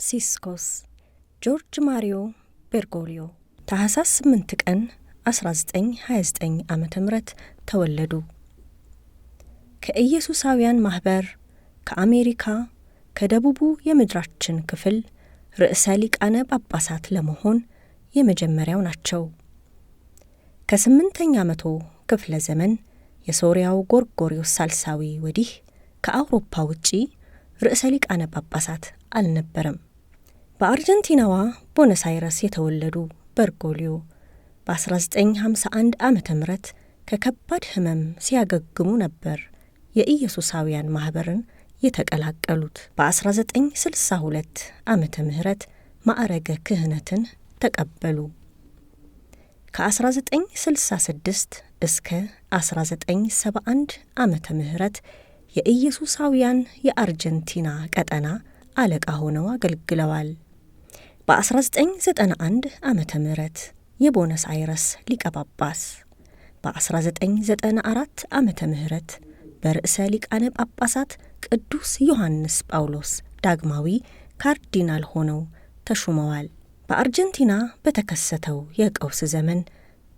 ፍራንሲስኮስ ጆርጅ ማሪዮ ቤርጎሊዮ ታህሳስ 8 ቀን 1929 ዓ ም ተወለዱ። ከኢየሱሳውያን ማኅበር ከአሜሪካ ከደቡቡ የምድራችን ክፍል ርዕሰ ሊቃነ ጳጳሳት ለመሆን የመጀመሪያው ናቸው። ከስምንተኛ መቶ ክፍለ ዘመን የሶሪያው ጎርጎሪዮስ ሳልሳዊ ወዲህ ከአውሮፓ ውጪ ርዕሰ ሊቃነ ጳጳሳት አልነበረም። በአርጀንቲናዋ ቦነስ አይረስ የተወለዱ በርጎሊዮ በ1951 ዓ ም ከከባድ ህመም ሲያገግሙ ነበር የኢየሱሳውያን ማኅበርን የተቀላቀሉት። በ1962 ዓመተ ምህረት ማዕረገ ክህነትን ተቀበሉ። ከ1966 እስከ 1971 ዓመተ ምህረት የኢየሱሳውያን የአርጀንቲና ቀጠና አለቃ ሆነው አገልግለዋል። በ1991 ዓ ምህረት የቦነስ አይረስ ሊቀ ጳጳስ በ1994 ዓመተ ምህረት በርዕሰ ሊቃነ ጳጳሳት ቅዱስ ዮሐንስ ጳውሎስ ዳግማዊ ካርዲናል ሆነው ተሹመዋል። በአርጀንቲና በተከሰተው የቀውስ ዘመን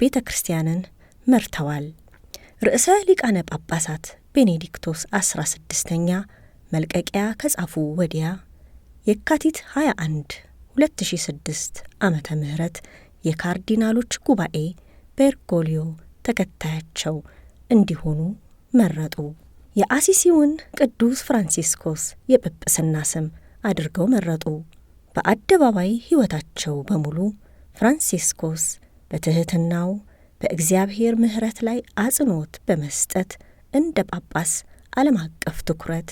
ቤተ ክርስቲያንን መርተዋል። ርዕሰ ሊቃነ ጳጳሳት ቤኔዲክቶስ 16ኛ መልቀቂያ ከጻፉ ወዲያ የካቲት 21 2006 ዓመተ ምህረት የካርዲናሎች ጉባኤ በርጎሊዮ ተከታያቸው እንዲሆኑ መረጡ። የአሲሲውን ቅዱስ ፍራንሲስኮስ የጵጵስና ስም አድርገው መረጡ። በአደባባይ ሕይወታቸው በሙሉ ፍራንሲስኮስ በትሕትናው በእግዚአብሔር ምሕረት ላይ አጽንዖት በመስጠት እንደ ጳጳስ ዓለም አቀፍ ትኩረት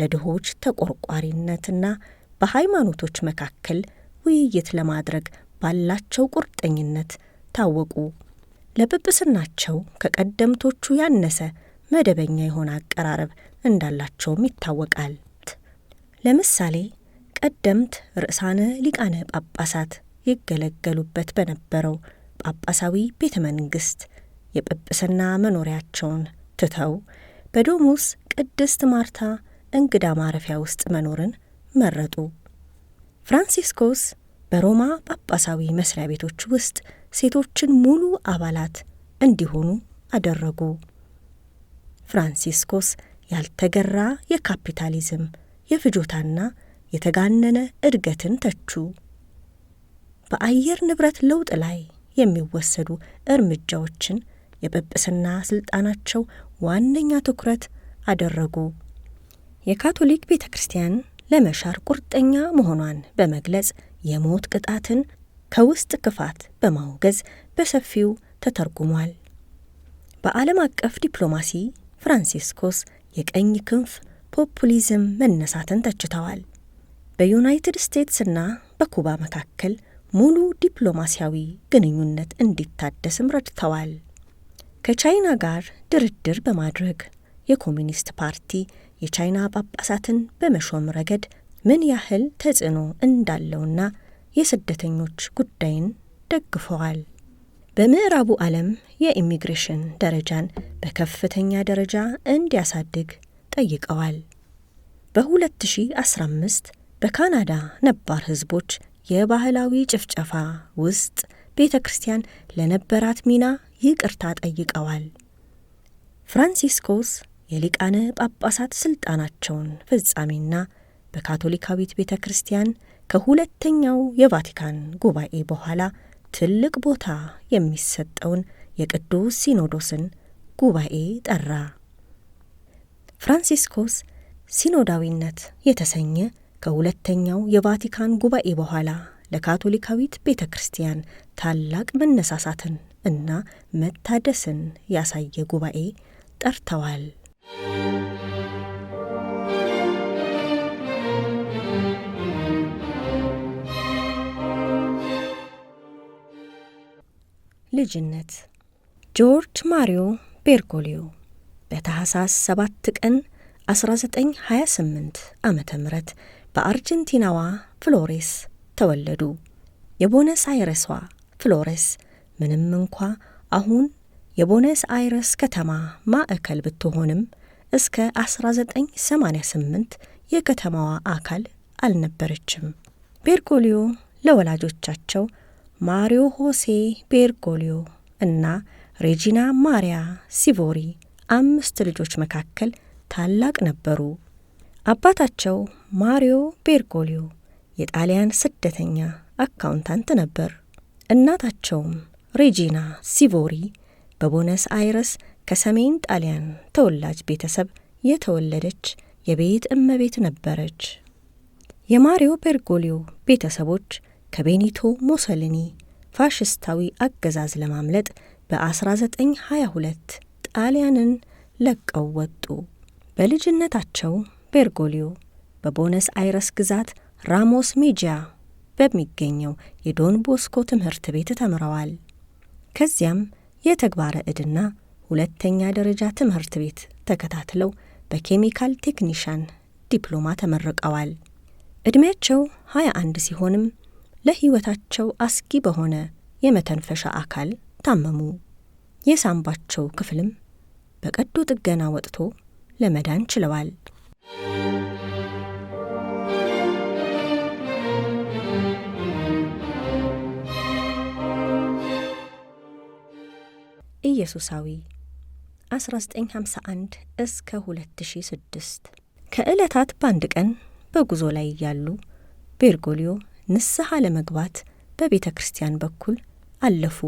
ለድሆች ተቆርቋሪነትና በሃይማኖቶች መካከል ውይይት ለማድረግ ባላቸው ቁርጠኝነት ታወቁ። ለጵጵስናቸው ከቀደምቶቹ ያነሰ መደበኛ የሆነ አቀራረብ እንዳላቸውም ይታወቃል። ለምሳሌ ቀደምት ርዕሳነ ሊቃነ ጳጳሳት ይገለገሉበት በነበረው ጳጳሳዊ ቤተ መንግስት የጵጵስና መኖሪያቸውን ትተው በዶሙስ ቅድስት ማርታ እንግዳ ማረፊያ ውስጥ መኖርን መረጡ። ፍራንሲስኮስ በሮማ ጳጳሳዊ መስሪያ ቤቶች ውስጥ ሴቶችን ሙሉ አባላት እንዲሆኑ አደረጉ። ፍራንሲስኮስ ያልተገራ የካፒታሊዝም የፍጆታና የተጋነነ እድገትን ተቹ። በአየር ንብረት ለውጥ ላይ የሚወሰዱ እርምጃዎችን የጵጵስና ስልጣናቸው ዋነኛ ትኩረት አደረጉ። የካቶሊክ ቤተ ክርስቲያን ለመሻር ቁርጠኛ መሆኗን በመግለጽ የሞት ቅጣትን ከውስጥ ክፋት በማውገዝ በሰፊው ተተርጉሟል። በዓለም አቀፍ ዲፕሎማሲ ፍራንሲስኮስ የቀኝ ክንፍ ፖፑሊዝም መነሳትን ተችተዋል። በዩናይትድ ስቴትስና በኩባ መካከል ሙሉ ዲፕሎማሲያዊ ግንኙነት እንዲታደስም ረድተዋል። ከቻይና ጋር ድርድር በማድረግ የኮሚኒስት ፓርቲ የቻይና ጳጳሳትን በመሾም ረገድ ምን ያህል ተጽዕኖ እንዳለውና የስደተኞች ጉዳይን ደግፈዋል። በምዕራቡ ዓለም የኢሚግሬሽን ደረጃን በከፍተኛ ደረጃ እንዲያሳድግ ጠይቀዋል። በ2015 በካናዳ ነባር ህዝቦች የባህላዊ ጭፍጨፋ ውስጥ ቤተ ክርስቲያን ለነበራት ሚና ይቅርታ ጠይቀዋል። ፍራንሲስኮስ የሊቃነ ጳጳሳት ስልጣናቸውን ፍጻሜና በካቶሊካዊት ቤተ ክርስቲያን ከሁለተኛው የቫቲካን ጉባኤ በኋላ ትልቅ ቦታ የሚሰጠውን የቅዱስ ሲኖዶስን ጉባኤ ጠራ። ፍራንሲስኮስ ሲኖዳዊነት የተሰኘ ከሁለተኛው የቫቲካን ጉባኤ በኋላ ለካቶሊካዊት ቤተ ክርስቲያን ታላቅ መነሳሳትን እና መታደስን ያሳየ ጉባኤ ጠርተዋል። ልጅነት ጆርጅ ማሪዮ ቤርጎሊዮ በታህሳስ 7 ቀን 1928 ዓ ም በአርጀንቲናዋ ፍሎሬስ ተወለዱ። የቦነስ አይረሷ ፍሎሬስ ምንም እንኳ አሁን የቦነስ አይረስ ከተማ ማዕከል ብትሆንም እስከ 1988 የከተማዋ አካል አልነበረችም። ቤርጎሊዮ ለወላጆቻቸው ማሪዮ ሆሴ ቤርጎሊዮ እና ሬጂና ማሪያ ሲቮሪ አምስት ልጆች መካከል ታላቅ ነበሩ። አባታቸው ማሪዮ ቤርጎሊዮ የጣሊያን ስደተኛ አካውንታንት ነበር። እናታቸውም ሬጂና ሲቮሪ በቦነስ አይረስ ከሰሜን ጣሊያን ተወላጅ ቤተሰብ የተወለደች የቤት እመቤት ነበረች። የማሪዮ ቤርጎሊዮ ቤተሰቦች ከቤኒቶ ሞሶሊኒ ፋሽስታዊ አገዛዝ ለማምለጥ በ1922 ጣሊያንን ለቀው ወጡ። በልጅነታቸው ቤርጎሊዮ በቦነስ አይረስ ግዛት ራሞስ ሜጂያ በሚገኘው የዶን ቦስኮ ትምህርት ቤት ተምረዋል። ከዚያም የተግባረ ዕድና ሁለተኛ ደረጃ ትምህርት ቤት ተከታትለው በኬሚካል ቴክኒሽያን ዲፕሎማ ተመርቀዋል። ዕድሜያቸው 21 ሲሆንም ለሕይወታቸው አስጊ በሆነ የመተንፈሻ አካል ታመሙ። የሳምባቸው ክፍልም በቀዶ ጥገና ወጥቶ ለመዳን ችለዋል። ኢየሱሳዊ 1951 እስከ 2006 ከዕለታት በአንድ ቀን በጉዞ ላይ እያሉ ቤርጎሊዮ ንስሐ ለመግባት በቤተ ክርስቲያን በኩል አለፉ።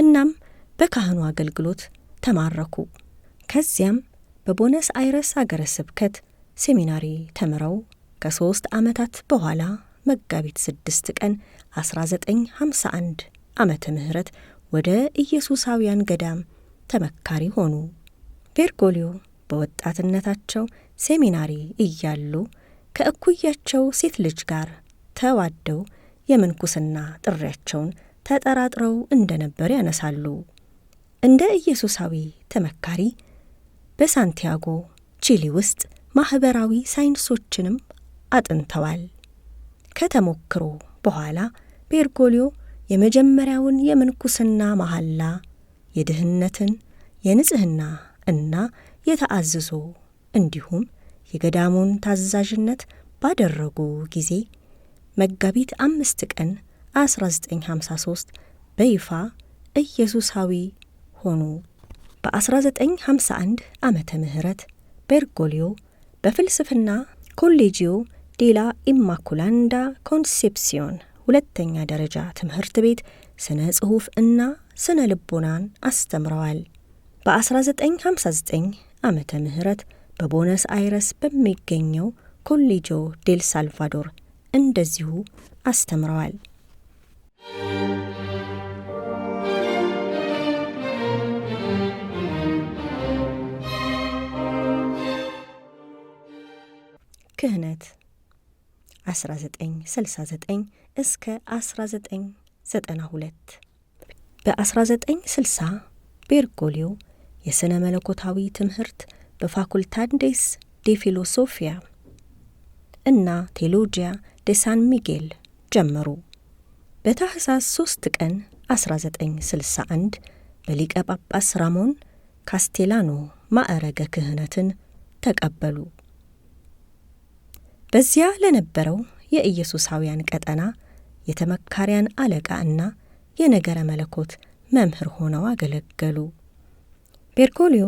እናም በካህኑ አገልግሎት ተማረኩ። ከዚያም በቦነስ አይረስ አገረ ስብከት ሴሚናሪ ተምረው ከሦስት ዓመታት በኋላ መጋቢት 6 ቀን 1951 ዓመተ ምህረት ወደ ኢየሱሳውያን ገዳም ተመካሪ ሆኑ። ቬርጎሊዮ በወጣትነታቸው ሴሚናሪ እያሉ ከእኩያቸው ሴት ልጅ ጋር ተዋደው የምንኩስና ጥሪያቸውን ተጠራጥረው እንደነበር ያነሳሉ። እንደ ኢየሱሳዊ ተመካሪ በሳንቲያጎ ቺሊ ውስጥ ማኅበራዊ ሳይንሶችንም አጥንተዋል። ከተሞክሮ በኋላ ቤርጎሊዮ የመጀመሪያውን የምንኩስና መሐላ የድህነትን የንጽህና እና የተአዝዞ እንዲሁም የገዳሙን ታዛዥነት ባደረጉ ጊዜ መጋቢት አምስት ቀን 1953 በይፋ ኢየሱሳዊ ሆኑ። በ1951 ዓመተ ምህረት ቤርጎሊዮ በፍልስፍና ኮሌጂዮ ዴላ ኢማኩላንዳ ኮንሴፕሲዮን ሁለተኛ ደረጃ ትምህርት ቤት ስነ ጽሑፍ እና ስነ ልቦናን አስተምረዋል። በ1959 ዓመተ ምህረት በቦነስ አይረስ በሚገኘው ኮሌጆ ዴል ሳልቫዶር እንደዚሁ አስተምረዋል። ክህነት 1969 እስከ 1992 በ1960 ቤርጎሊዮ የሥነ መለኮታዊ ትምህርት በፋኩልታንዴስ ዴ ፊሎሶፊያ እና ቴዎሎጂያ ዴ ሳን ሚጌል ጀመሩ። በታህሳስ 3 ቀን 1961 በሊቀ ጳጳስ ራሞን ካስቴላኖ ማዕረገ ክህነትን ተቀበሉ። በዚያ ለነበረው የኢየሱሳውያን ቀጠና የተመካሪያን አለቃ እና የነገረ መለኮት መምህር ሆነው አገለገሉ። ቤርጎሊዮ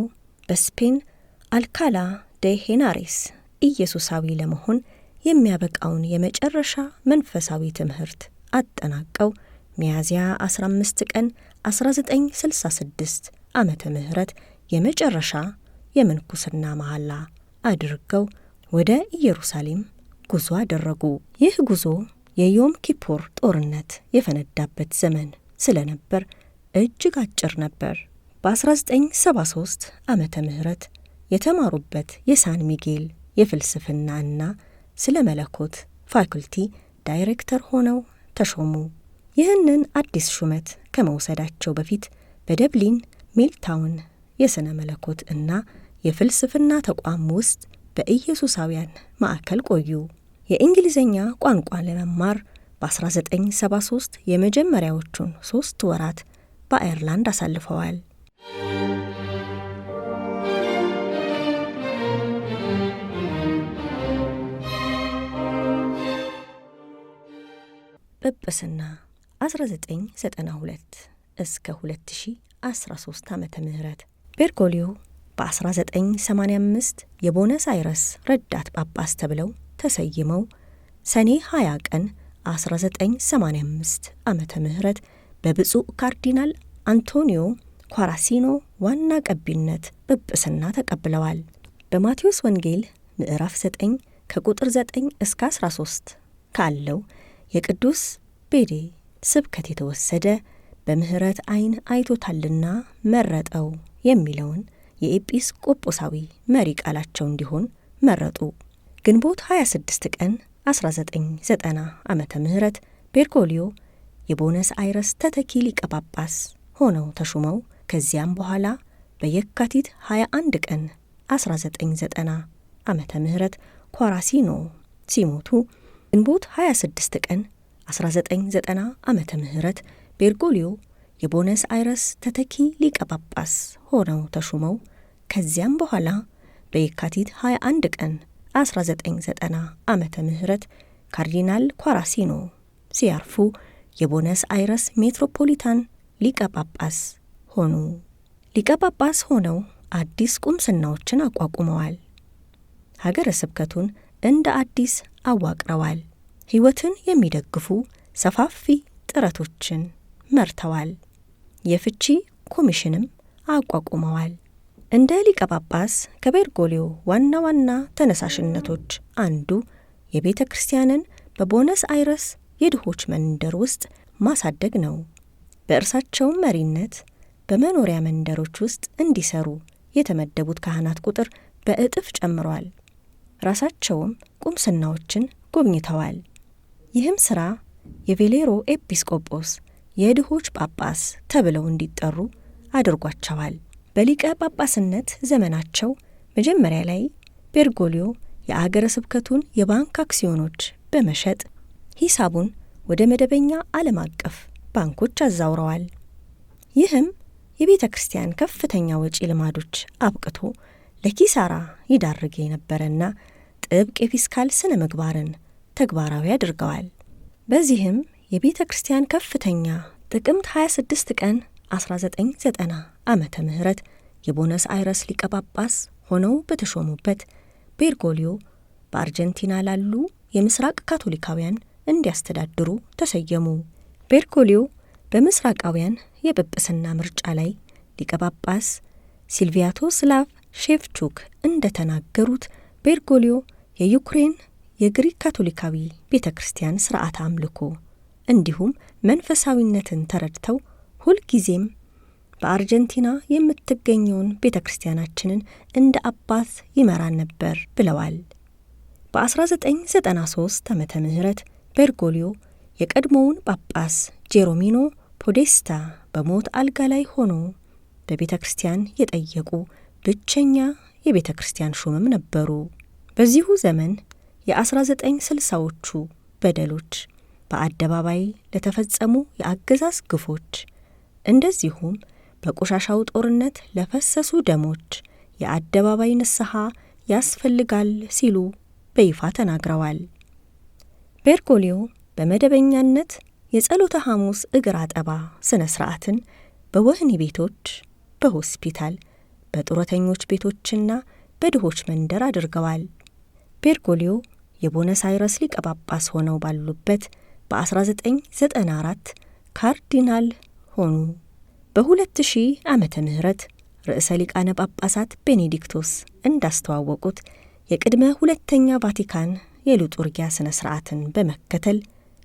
በስፔን አልካላ ደ ሄናሬስ ኢየሱሳዊ ለመሆን የሚያበቃውን የመጨረሻ መንፈሳዊ ትምህርት አጠናቀው ሚያዝያ 15 ቀን 1966 ዓመተ ምህረት የመጨረሻ የምንኩስና መሐላ አድርገው ወደ ኢየሩሳሌም ጉዞ አደረጉ። ይህ ጉዞ የዮም ኪፑር ጦርነት የፈነዳበት ዘመን ስለነበር እጅግ አጭር ነበር። በ1973 ዓ. ምህረት የተማሩበት የሳን ሚጌል የፍልስፍና እና ስለ መለኮት ፋኩልቲ ዳይሬክተር ሆነው ተሾሙ። ይህንን አዲስ ሹመት ከመውሰዳቸው በፊት በደብሊን ሚልታውን የሥነ መለኮት እና የፍልስፍና ተቋም ውስጥ በኢየሱሳውያን ማዕከል ቆዩ። የእንግሊዝኛ ቋንቋ ለመማር በ1973 የመጀመሪያዎቹን ሦስት ወራት በአየርላንድ አሳልፈዋል። ጵጵስና 1992 እስከ 2013 ዓ ም ቤርጎሊዮ በ1985 የቦነስ አይረስ ረዳት ጳጳስ ተብለው ተሰይመው ሰኔ 20 ቀን 1985 ዓመተ ምህረት በብፁዕ ካርዲናል አንቶኒዮ ኳራሲኖ ዋና ቀቢነት ጵጵስና ተቀብለዋል። በማቴዎስ ወንጌል ምዕራፍ 9 ከቁጥር 9 እስከ 13 ካለው የቅዱስ ቤዴ ስብከት የተወሰደ በምህረት ዐይን አይቶታልና መረጠው የሚለውን የኤጲስቆጶሳዊ መሪ ቃላቸው እንዲሆን መረጡ። ግንቦት 26 ቀን 1990 ዓ ምህረት ቤርጎሊዮ የቦነስ አይረስ ተተኪ ሊቀ ጳጳስ ሆነው ተሹመው ከዚያም በኋላ በየካቲት 21 ቀን 1990 ዓ ምህረት ኳራሲኖ ሲሞቱ ግንቦት 26 ቀን 1990 ዓመተ ምህረት ቤርጎሊዮ የቦነስ አይረስ ተተኪ ሊቀ ጳጳስ ሆነው ተሹመው ከዚያም በኋላ በየካቲት 21 ቀን 1990 ዓ ምህረት ካርዲናል ኳራሲኖ ሲያርፉ የቦነስ አይረስ ሜትሮፖሊታን ሊቀ ጳጳስ ሆኑ። ሊቀ ጳጳስ ሆነው አዲስ ቁምስናዎችን አቋቁመዋል። ሀገረ ስብከቱን እንደ አዲስ አዋቅረዋል። ሕይወትን የሚደግፉ ሰፋፊ ጥረቶችን መርተዋል። የፍቺ ኮሚሽንም አቋቁመዋል። እንደ ሊቀ ጳጳስ ከቤርጎሊዮ ዋና ዋና ተነሳሽነቶች አንዱ የቤተ ክርስቲያንን በቦነስ አይረስ የድሆች መንደር ውስጥ ማሳደግ ነው። በእርሳቸውም መሪነት በመኖሪያ መንደሮች ውስጥ እንዲሰሩ የተመደቡት ካህናት ቁጥር በእጥፍ ጨምሯል። ራሳቸውም ቁምስናዎችን ጎብኝተዋል። ይህም ሥራ የቬሌሮ ኤጲስቆጶስ የድሆች ጳጳስ ተብለው እንዲጠሩ አድርጓቸዋል። በሊቀ ጳጳስነት ዘመናቸው መጀመሪያ ላይ ቤርጎሊዮ የአገረ ስብከቱን የባንክ አክሲዮኖች በመሸጥ ሂሳቡን ወደ መደበኛ ዓለም አቀፍ ባንኮች አዛውረዋል። ይህም የቤተ ክርስቲያን ከፍተኛ ወጪ ልማዶች አብቅቶ ለኪሳራ ይዳርግ የነበረና ጥብቅ የፊስካል ስነ ምግባርን ተግባራዊ አድርገዋል። በዚህም የቤተ ክርስቲያን ከፍተኛ ጥቅምት 26 ቀን 1990 ዓመተ ምህረት የቦነስ አይረስ ሊቀ ጳጳስ ሆነው በተሾሙበት ቤርጎሊዮ በአርጀንቲና ላሉ የምስራቅ ካቶሊካውያን እንዲያስተዳድሩ ተሰየሙ። ቤርጎሊዮ በምስራቃውያን የጵጵስና ምርጫ ላይ ሊቀ ጳጳስ ስላቭ ሼቭቹክ እንደተናገሩት ቤርጎሊዮ የዩክሬን የግሪክ ካቶሊካዊ ቤተ ክርስቲያን ስርዓት አምልኮ እንዲሁም መንፈሳዊነትን ተረድተው ሁልጊዜም በአርጀንቲና የምትገኘውን ቤተ ክርስቲያናችንን እንደ አባት ይመራን ነበር ብለዋል። በ1993 ዓመተ ምህረት በርጎሊዮ የቀድሞውን ጳጳስ ጄሮሚኖ ፖዴስታ በሞት አልጋ ላይ ሆኖ በቤተ ክርስቲያን የጠየቁ ብቸኛ የቤተ ክርስቲያን ሹምም ነበሩ። በዚሁ ዘመን የ1960ዎቹ በደሎች በአደባባይ ለተፈጸሙ የአገዛዝ ግፎች እንደዚሁም በቆሻሻው ጦርነት ለፈሰሱ ደሞች የአደባባይ ንስሐ ያስፈልጋል ሲሉ በይፋ ተናግረዋል። ቤርጎሊዮ በመደበኛነት የጸሎተ ሐሙስ እግር አጠባ ሥነ ሥርዓትን በወህኒ ቤቶች፣ በሆስፒታል፣ በጡረተኞች ቤቶችና በድሆች መንደር አድርገዋል። ቤርጎሊዮ የቦነስ አይረስ ሊቀ ጳጳስ ሆነው ባሉበት በ1994 ካርዲናል ሆኑ። በ2000 ዓመተ ምህረት ርዕሰ ሊቃነ ጳጳሳት ቤኔዲክቶስ እንዳስተዋወቁት የቅድመ ሁለተኛ ቫቲካን የሉጡርጊያ ሥነ ሥርዓትን በመከተል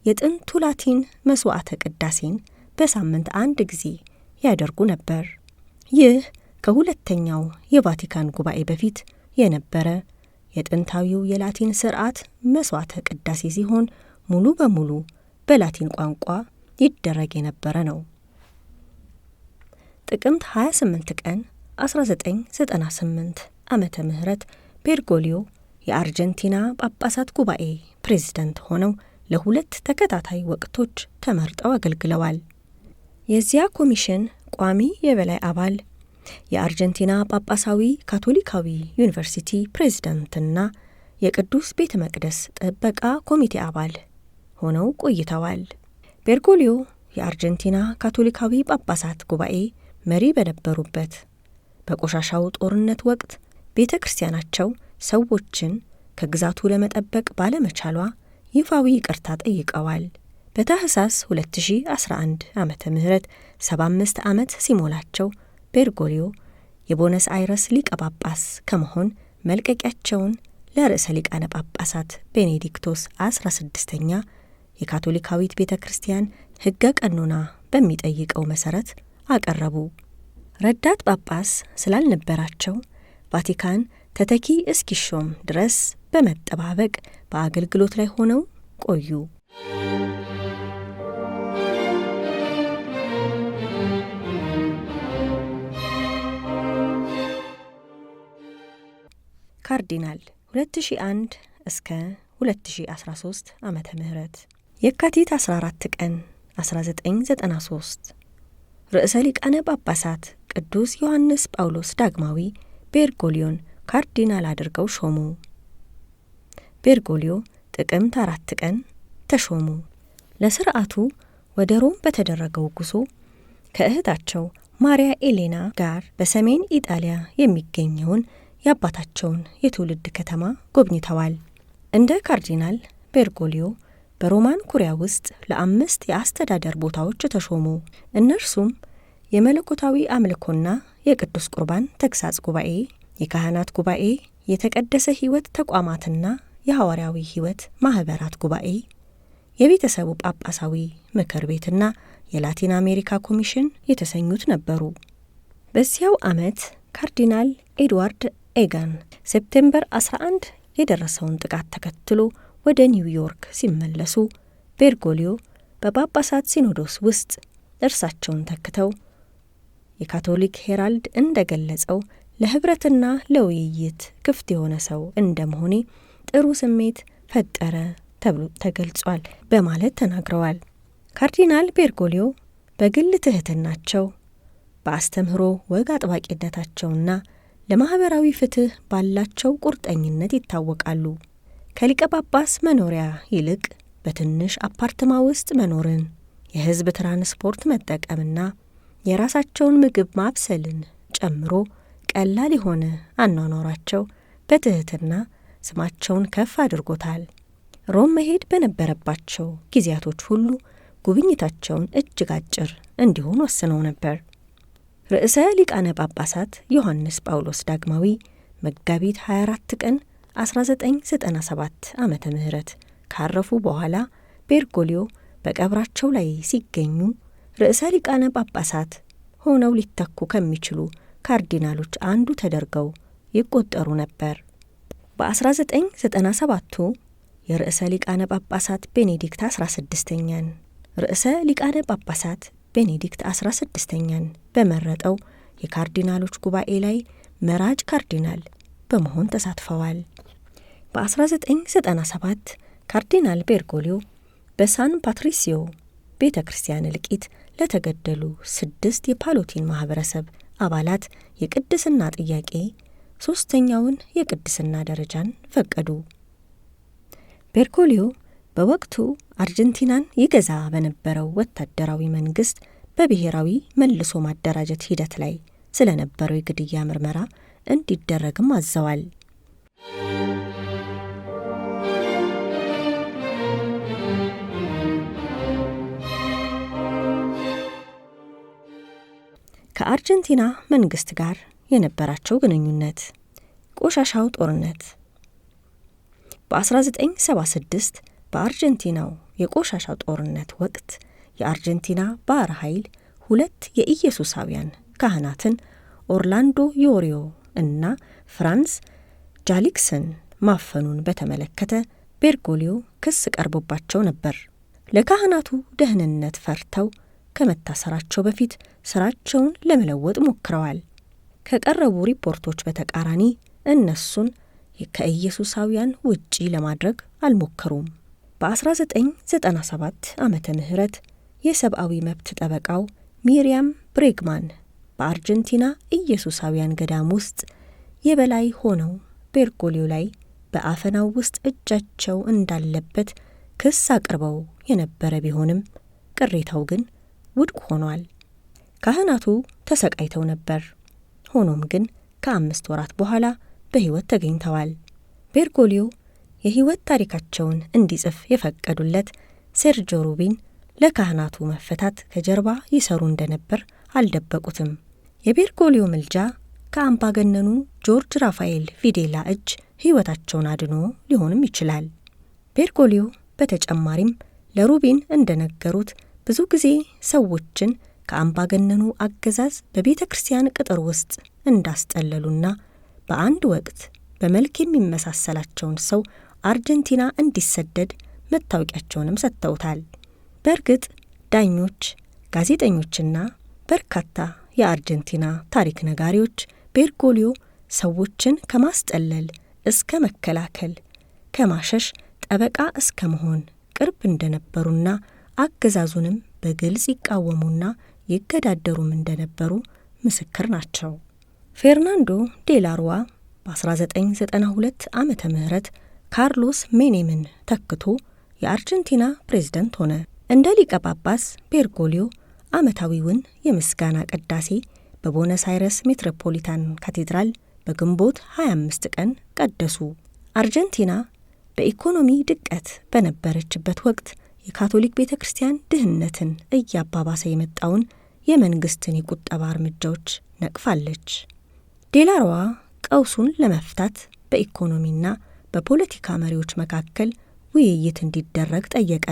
የጥንቱ ላቲን መሥዋዕተ ቅዳሴን በሳምንት አንድ ጊዜ ያደርጉ ነበር። ይህ ከሁለተኛው የቫቲካን ጉባኤ በፊት የነበረ የጥንታዊው የላቲን ሥርዓት መሥዋዕተ ቅዳሴ ሲሆን ሙሉ በሙሉ በላቲን ቋንቋ ይደረግ የነበረ ነው። ጥቅምት 28 ቀን 1998 ዓ ምህረት ቤርጎሊዮ የአርጀንቲና ጳጳሳት ጉባኤ ፕሬዝደንት ሆነው ለሁለት ተከታታይ ወቅቶች ተመርጠው አገልግለዋል። የዚያ ኮሚሽን ቋሚ የበላይ አባል የአርጀንቲና ጳጳሳዊ ካቶሊካዊ ዩኒቨርሲቲ ፕሬዝደንትና የቅዱስ ቤተ መቅደስ ጥበቃ ኮሚቴ አባል ሆነው ቆይተዋል። ቤርጎሊዮ የአርጀንቲና ካቶሊካዊ ጳጳሳት ጉባኤ መሪ በነበሩበት በቆሻሻው ጦርነት ወቅት ቤተ ክርስቲያናቸው ሰዎችን ከግዛቱ ለመጠበቅ ባለመቻሏ ይፋዊ ይቅርታ ጠይቀዋል። በታህሳስ 2011 ዓ ም 75 ዓመት ሲሞላቸው ቤርጎሪዮ የቦነስ አይረስ ሊቀ ጳጳስ ከመሆን መልቀቂያቸውን ለርዕሰ ሊቃነ ጳጳሳት ቤኔዲክቶስ 16ኛ የካቶሊካዊት ቤተ ክርስቲያን ሕገ ቀኖና በሚጠይቀው መሠረት አቀረቡ። ረዳት ጳጳስ ስላልነበራቸው ቫቲካን ተተኪ እስኪሾም ድረስ በመጠባበቅ በአገልግሎት ላይ ሆነው ቆዩ። ካርዲናል 2001 እስከ 2013 ዓመተ ምህረት የካቲት 14 ቀን 1993 ርዕሰ ሊቃነ ጳጳሳት ቅዱስ ዮሐንስ ጳውሎስ ዳግማዊ ቤርጎሊዮን ካርዲናል አድርገው ሾሙ። ቤርጎሊዮ ጥቅምት አራት ቀን ተሾሙ። ለስርዓቱ ወደ ሮም በተደረገው ጉዞ ከእህታቸው ማሪያ ኤሌና ጋር በሰሜን ኢጣሊያ የሚገኘውን የአባታቸውን የትውልድ ከተማ ጎብኝተዋል። እንደ ካርዲናል ቤርጎሊዮ በሮማን ኩሪያ ውስጥ ለአምስት የአስተዳደር ቦታዎች ተሾሙ። እነርሱም የመለኮታዊ አምልኮና የቅዱስ ቁርባን ተግሳጽ ጉባኤ፣ የካህናት ጉባኤ፣ የተቀደሰ ሕይወት ተቋማትና የሐዋርያዊ ሕይወት ማኅበራት ጉባኤ፣ የቤተሰቡ ጳጳሳዊ ምክር ቤትና የላቲን አሜሪካ ኮሚሽን የተሰኙት ነበሩ። በዚያው ዓመት ካርዲናል ኤድዋርድ ኤጋን ሴፕቴምበር 11 የደረሰውን ጥቃት ተከትሎ ወደ ኒውዮርክ ሲመለሱ ቤርጎሊዮ በጳጳሳት ሲኖዶስ ውስጥ እርሳቸውን ተክተው የካቶሊክ ሄራልድ እንደገለጸው ለህብረትና ለውይይት ክፍት የሆነ ሰው እንደመሆኔ ጥሩ ስሜት ፈጠረ ተብሎ ተገልጿል በማለት ተናግረዋል። ካርዲናል ቤርጎሊዮ በግል ትህትናቸው በአስተምህሮ ወግ አጥባቂነታቸውና ለማኅበራዊ ፍትህ ባላቸው ቁርጠኝነት ይታወቃሉ። ከሊቀ ጳጳስ መኖሪያ ይልቅ በትንሽ አፓርትማ ውስጥ መኖርን፣ የህዝብ ትራንስፖርት መጠቀምና የራሳቸውን ምግብ ማብሰልን ጨምሮ ቀላል የሆነ አኗኗራቸው በትህትና ስማቸውን ከፍ አድርጎታል። ሮም መሄድ በነበረባቸው ጊዜያቶች ሁሉ ጉብኝታቸውን እጅግ አጭር እንዲሆን ወስነው ነበር። ርዕሰ ሊቃነ ጳጳሳት ዮሐንስ ጳውሎስ ዳግማዊ መጋቢት 24 ቀን 1997 ዓመተ ምህረት ካረፉ በኋላ ቤርጎሊዮ በቀብራቸው ላይ ሲገኙ ርዕሰ ሊቃነ ጳጳሳት ሆነው ሊተኩ ከሚችሉ ካርዲናሎች አንዱ ተደርገው ይቆጠሩ ነበር። በ1997ቱ የርዕሰ ሊቃነ ጳጳሳት ቤኔዲክት 16ኛን ርዕሰ ሊቃነ ጳጳሳት ቤኔዲክት 16ኛን በመረጠው የካርዲናሎች ጉባኤ ላይ መራጭ ካርዲናል በመሆን ተሳትፈዋል። በ1997 ካርዲናል ቤርጎሊዮ በሳን ፓትሪሲዮ ቤተ ክርስቲያን እልቂት ለተገደሉ ስድስት የፓሎቲን ማኅበረሰብ አባላት የቅድስና ጥያቄ ሦስተኛውን የቅድስና ደረጃን ፈቀዱ። ቤርጎሊዮ በወቅቱ አርጀንቲናን ይገዛ በነበረው ወታደራዊ መንግሥት በብሔራዊ መልሶ ማደራጀት ሂደት ላይ ስለነበረው የግድያ ምርመራ እንዲደረግም አዘዋል። ከአርጀንቲና መንግስት ጋር የነበራቸው ግንኙነት ቆሻሻው ጦርነት በ1976 በአርጀንቲናው የቆሻሻ ጦርነት ወቅት የአርጀንቲና ባህር ኃይል ሁለት የኢየሱሳውያን ካህናትን ኦርላንዶ ዮሪዮ እና ፍራንስ ጃሊክስን ማፈኑን በተመለከተ ቤርጎሊዮ ክስ ቀርቦባቸው ነበር። ለካህናቱ ደህንነት ፈርተው ከመታሰራቸው በፊት ስራቸውን ለመለወጥ ሞክረዋል። ከቀረቡ ሪፖርቶች በተቃራኒ እነሱን ከኢየሱሳውያን ውጪ ለማድረግ አልሞከሩም። በ1997 ዓመተ ምህረት የሰብአዊ መብት ጠበቃው ሚሪያም ብሬግማን በአርጀንቲና ኢየሱሳውያን ገዳም ውስጥ የበላይ ሆነው ቤርጎሊዮ ላይ በአፈናው ውስጥ እጃቸው እንዳለበት ክስ አቅርበው የነበረ ቢሆንም ቅሬታው ግን ውድቅ ሆኗል። ካህናቱ ተሰቃይተው ነበር። ሆኖም ግን ከአምስት ወራት በኋላ በሕይወት ተገኝተዋል። ቤርጎሊዮ የሕይወት ታሪካቸውን እንዲጽፍ የፈቀዱለት ሴርጆ ሩቢን ለካህናቱ መፈታት ከጀርባ ይሰሩ እንደነበር አልደበቁትም። የቤርጎሊዮ ምልጃ ከአምባገነኑ ጆርጅ ራፋኤል ቪዴላ እጅ ሕይወታቸውን አድኖ ሊሆንም ይችላል። ቤርጎሊዮ በተጨማሪም ለሩቢን እንደነገሩት ብዙ ጊዜ ሰዎችን ከአምባገነኑ አገዛዝ በቤተ ክርስቲያን ቅጥር ውስጥ እንዳስጠለሉና በአንድ ወቅት በመልክ የሚመሳሰላቸውን ሰው አርጀንቲና እንዲሰደድ መታወቂያቸውንም ሰጥተውታል። በእርግጥ ዳኞች፣ ጋዜጠኞችና በርካታ የአርጀንቲና ታሪክ ነጋሪዎች ቤርጎሊዮ ሰዎችን ከማስጠለል እስከ መከላከል፣ ከማሸሽ ጠበቃ እስከ መሆን ቅርብ እንደነበሩና አገዛዙንም በግልጽ ይቃወሙና ይገዳደሩም እንደነበሩ ምስክር ናቸው። ፌርናንዶ ዴላሩዋ በ1992 ዓ ም ካርሎስ ሜኔምን ተክቶ የአርጀንቲና ፕሬዝደንት ሆነ። እንደ ሊቀ ጳጳስ ቤርጎሊዮ ዓመታዊውን የምስጋና ቅዳሴ በቦነስ አይረስ ሜትሮፖሊታን ካቴድራል በግንቦት 25 ቀን ቀደሱ። አርጀንቲና በኢኮኖሚ ድቀት በነበረችበት ወቅት የካቶሊክ ቤተ ክርስቲያን ድህነትን እያባባሰ የመጣውን የመንግስትን የቁጠባ እርምጃዎች ነቅፋለች። ዴላሮዋ ቀውሱን ለመፍታት በኢኮኖሚና በፖለቲካ መሪዎች መካከል ውይይት እንዲደረግ ጠየቀ።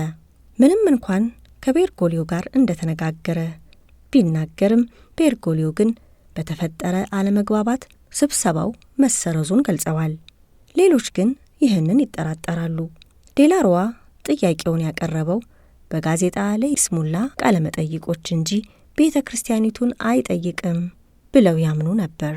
ምንም እንኳን ከቤርጎሊዮ ጋር እንደተነጋገረ ቢናገርም ቤርጎሊዮ ግን በተፈጠረ አለመግባባት ስብሰባው መሰረዙን ገልጸዋል። ሌሎች ግን ይህንን ይጠራጠራሉ። ዴላሮዋ ጥያቄውን ያቀረበው በጋዜጣ ላይ ስሙላ ቃለመጠይቆች እንጂ ቤተ ክርስቲያኒቱን አይጠይቅም ብለው ያምኑ ነበር።